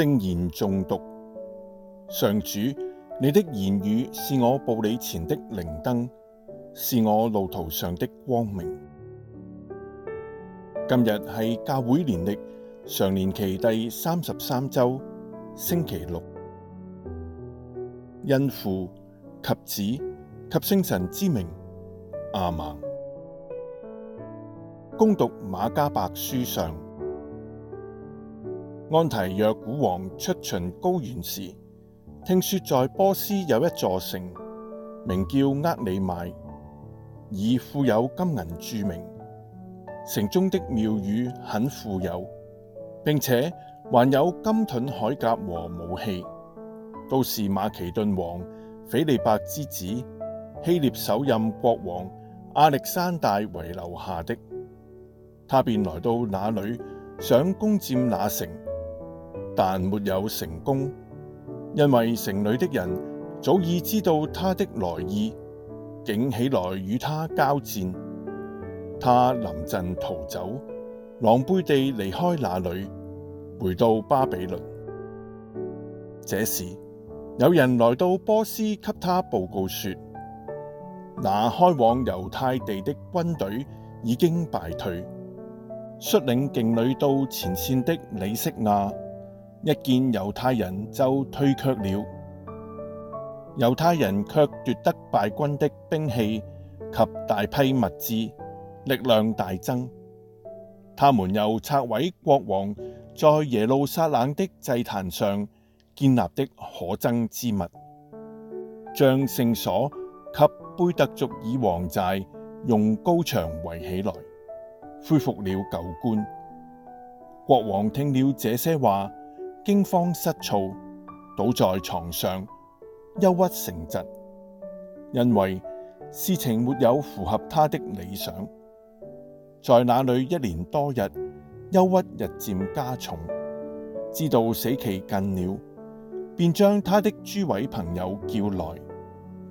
聖言誦讀。上主，你的言語是我步履前的靈燈，是我路途上的光明。今日係教會年曆常年期第三十三周星期六，因父及子及聖神之名，阿門。恭讀馬加伯書上。安提約古王出巡高原時，聽說在波斯有一座城，名叫厄里買，以富有金銀著名。城中的廟宇很富有，並且還有金盾、鎧甲和武器，都是馬其頓王斐理伯之子希臘首任國王亞歷山大遺留下的。他便來到那裏，想攻佔那城。但沒有成功，因為城裏的人早已知道他的來意，竟起來與他交戰。他臨陣逃走，狼狽地離開那裏，回到巴比倫。這時，有人來到波斯，給他報告說，那開往猶太地的軍隊已經敗退，率領勁旅到前線的里息雅。一見猶太人就退卻了，猶太人卻奪得敗軍的兵器及大批物資，力量大增。他們又拆毀國王在耶路撒冷的祭壇上建立的可憎之物，將聖所及貝特族爾王寨用高牆圍起來，恢復了舊觀。國王聽了這些話，驚慌失措，倒在床上，憂鬱成疾，因為事情沒有符合他的理想，在那裏一連多日，憂鬱日漸加重，知道死期近了，便將他的諸位朋友叫來，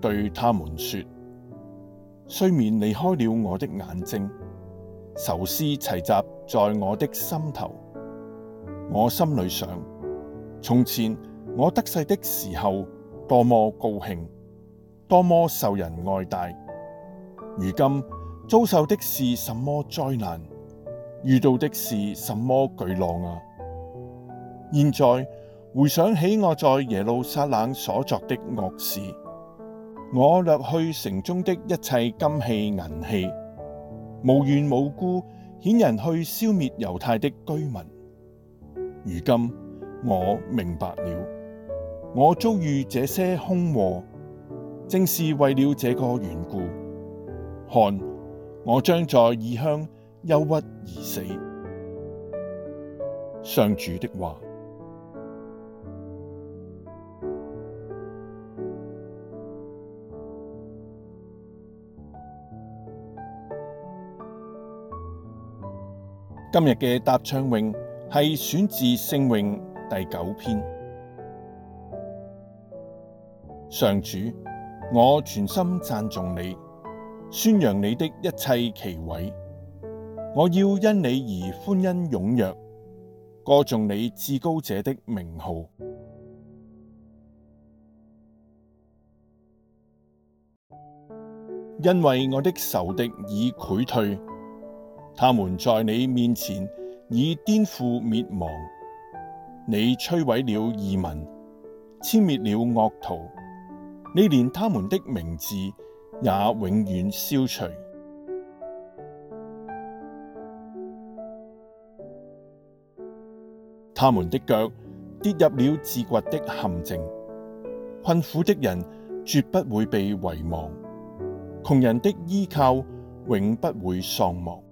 對他們說：睡眠離開了我的眼睛，愁思齊集在我的心頭，我心裏想。從前我得勢的時候，多麼高興，多麼受人愛戴。如今遭受的是什麼災難？遇到的是什麼巨浪啊？現在回想起我在耶路撒冷所作的惡事，我掠去城中的一切金器銀器，無緣無故遣人去消滅猶太的居民。如今。我明白了，我遭遇這些兇禍，正是為了這個緣故。看，我將在異鄉憂鬱而死。上主的話。今日嘅答唱詠係選自聖詠。」第九篇，上主，我全心讚頌你，宣揚你的一切奇偉。我要因你而歡欣踴躍，歌頌你至高者的名號。因為我的仇敵已潰退，他們在你面前已顛仆滅亡。你摧毀了異民，殲滅了惡徒，你連他們的名字也永遠消除。他們的腳跌入了自掘的陷阱，困苦的人絕不會被遺忘，窮人的依靠永不會喪亡。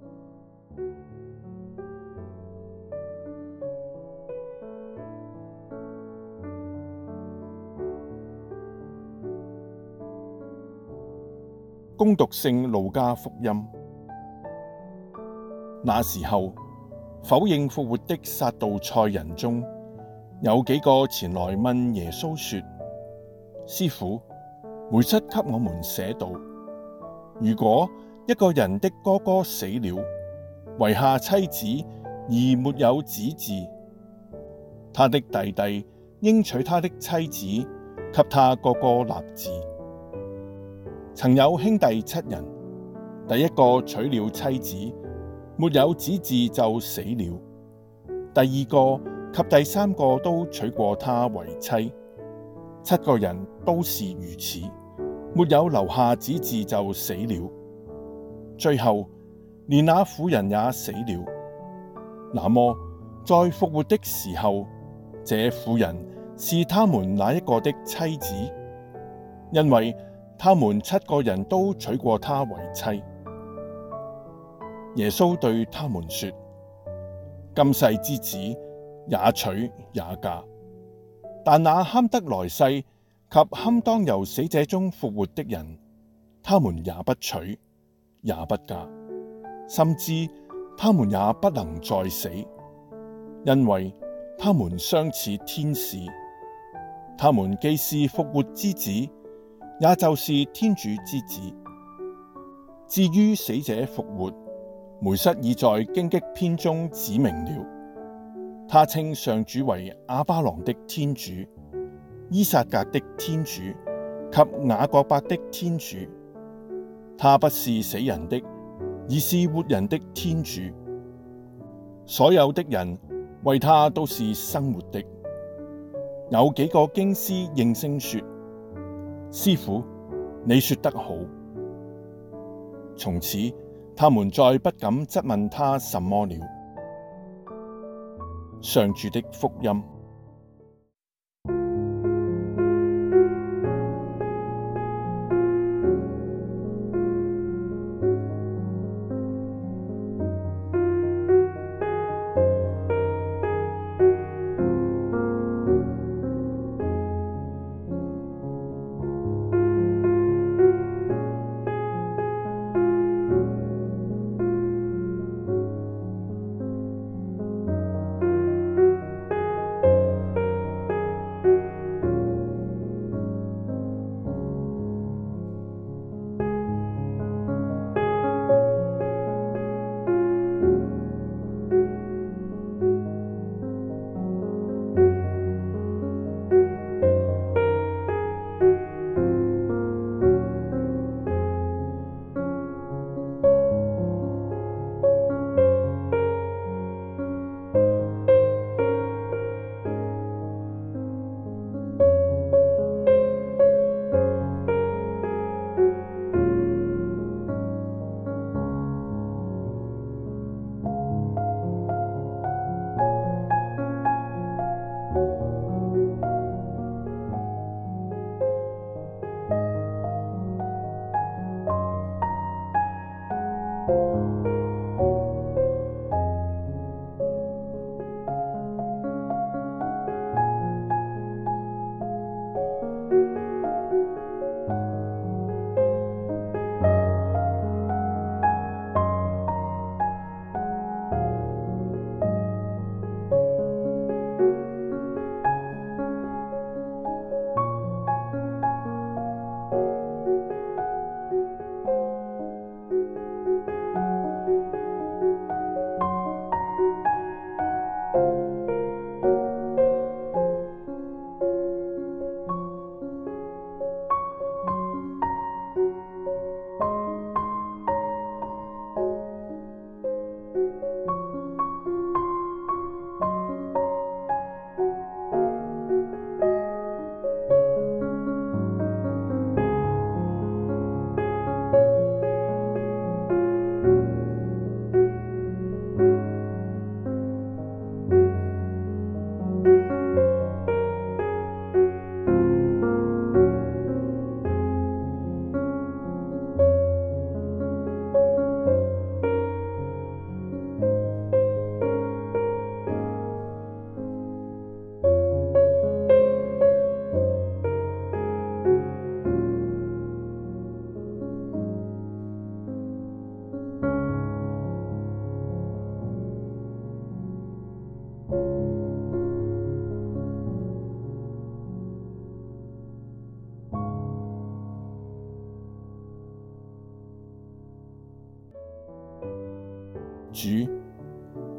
恭讀聖路加福音，那時候，否認復活的撒杜塞人中有幾個前來問耶穌說：師傅，梅瑟給我們寫道，如果一個人的哥哥死了，遺下妻子而沒有子嗣，他的弟弟應娶他的妻子，給他哥哥立嗣。」曾有兄弟七人，第一個娶了妻子，沒有子嗣就死了；第二個及第三個都娶過她為妻，七個人都是如此，沒有留下子嗣就死了。最後連那婦人也死了。那麼在復活的時候，這婦人是他們那一個的妻子？因為他們七個人都娶過她為妻。耶穌對他們說：今世之子也娶也嫁，但那堪得來世及堪當由死者中復活的人，他們也不娶也不嫁，甚至他們也不能再死，因為他們相似天使，他們既是復活之子。也就是天主之子。至於死者復活，梅瑟已在荊棘篇中指明了。他稱上主為亞巴郎的天主，依撒格的天主及雅各伯的天主。他不是死人的，而是活人的天主。所有的人為他都是生活的。有幾個經師應聲說。師傅，你說得好。從此，他們再不敢質問他什麼了。上主的福音。